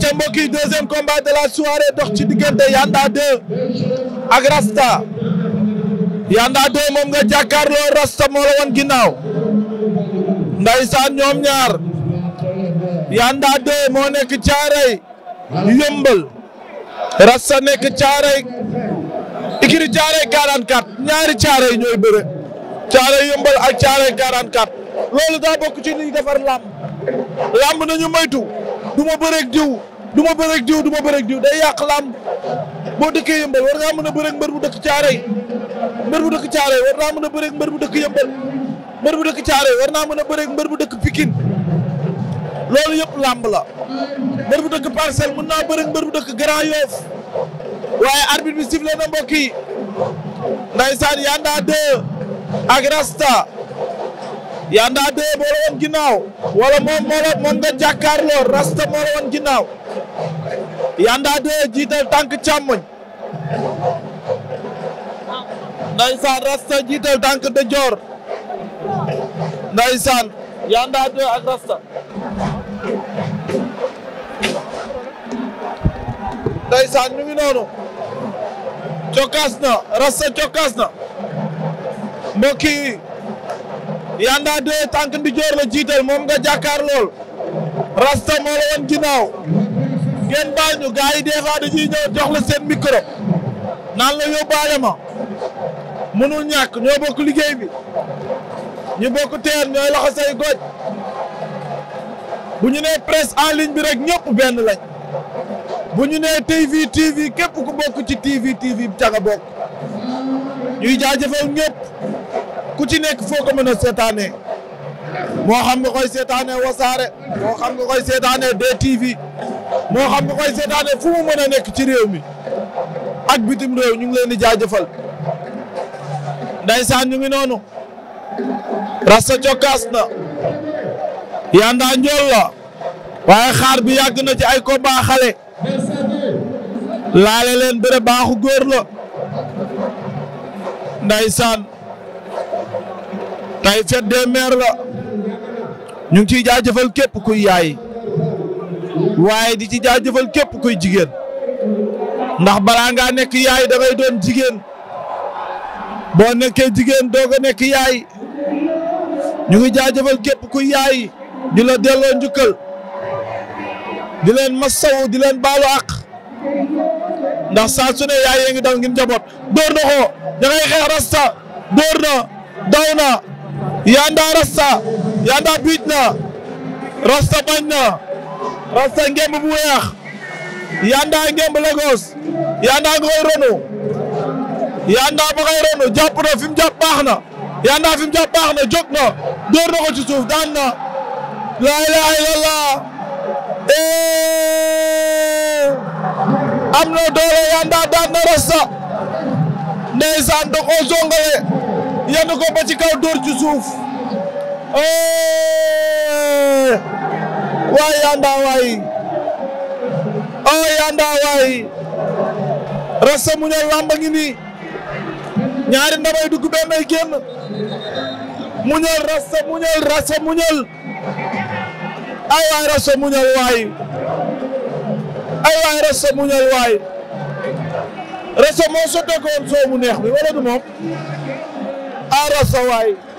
ca mbokk yi deuxième combat de la soirée dox ci diggante Yanda 2 ak Rasta Yanda 2 moom nga jàkkaarloo Rasta moo la woon ginnaaw ndaysaan ñoom ñaar Yanda 2 moo nekk caaray yëmbal Rasta nekk caaray ikiri caaray 44 ñaari caaray ñooy bëre caaray yëmbal ak caaray 44 loolu daa bokk ci li ñu defar làmb làmb nañu moytu du ma bëreeg diw du ma bëreeg diw du ma bëreeg diw day yàq làmb boo dëkkee yëmbal war ngaa mën a bëreeg mbër bu dëkk mbër bu dëkk war naa mën a bëreeg mbër bu dëkk yëmbal mbër bu dëkk caarey war naa mën a bëreeg mbër bu dëkk pikin loolu yëpp làmb la mbër bu dëkk parcelle mën naa bëreeg mbër bu grand yoof waaye arbitre bi sifflé na mbokk yi ndaysaan Yanda Yanda 2 moo la woon ginnaaw wala moom moo Rasta moo la woon ginnaaw Yanda jiital tànk càmmoñ ndaysaan Rasta jiital tànk ndijoor ndaysaan Yanda 2 ak Rasta ndaysaan ñu ngi noonu cokkaas na Rasta cokkaas na mbokk Yanda de tànk ndi joor la jiital moom nga jàkkaar lool rasta moo la woon ginnaaw baal ñu gars yi des fois dañuy jox la seen micro naan la yóbbaale ma mënul ñàkk ñoo bokk liggéey bi ñu bokk teen ñooy loxo goj bu ñu nee presse en ligne bi rek ñëpp benn lañ bu ñu ne TV TV képp ku bokk ci TV TV bi ca nga bokk ñuy jaajëfal ñëpp ku ci nekk foo ko mën seetaanee moo xam nga koy seetaanee wasaare moo xam nga koy seetaanee DTV moo xam nga seetaanee fu mu mën a nekk ci réew mi ak bitim réew ñu ngi leen di jaajëfal ndaysaan ñu ngi noonu rasta jokkaas na yanda njool la waaye xaar bi yàgg na ci ay combat xale laale leen bëre baaxu góor la ndaysaan tey fête des mères la ñu ngi ciy jaajëfal képp yaay waaye di ci jaajëfal képp kuy jigéen ndax balaa ngaa nekk yaay da ngay doon jigéen boo nekkee jigéen doog a nekk yaay ñu ngi jaajëfal képp kuy yaay di la delloo njukkal di leen masawu di leen baalu àq ndax saa su ne yaay yee ngi daw ngir njaboot dóor na ko da xeex rasta dóor na daw na Yanda Rasta Yanda biit na Rasta bañ na Rasta ngemb bu weex Yanda ngemb Lagos Yanda nga koy ronu Yanda ba koy ronu jàpp na fi mu jàpp baax na Yanda fi mu suuf daan na laa ilaaha illallah eh. am na doole Yanda daan na Rasta ndeysaan da yenn ko ba ci kaw dóor ci suuf waay yanda waay o yanda waay rasta mu ñor lamba ngi nii ñaari ndamay dugg benn ay génn muñal rasta muñal rasta muñal ay waay rasta muñal waay ay waay rasta moo sotteekoon soo mu neex bi wala du moom ara sa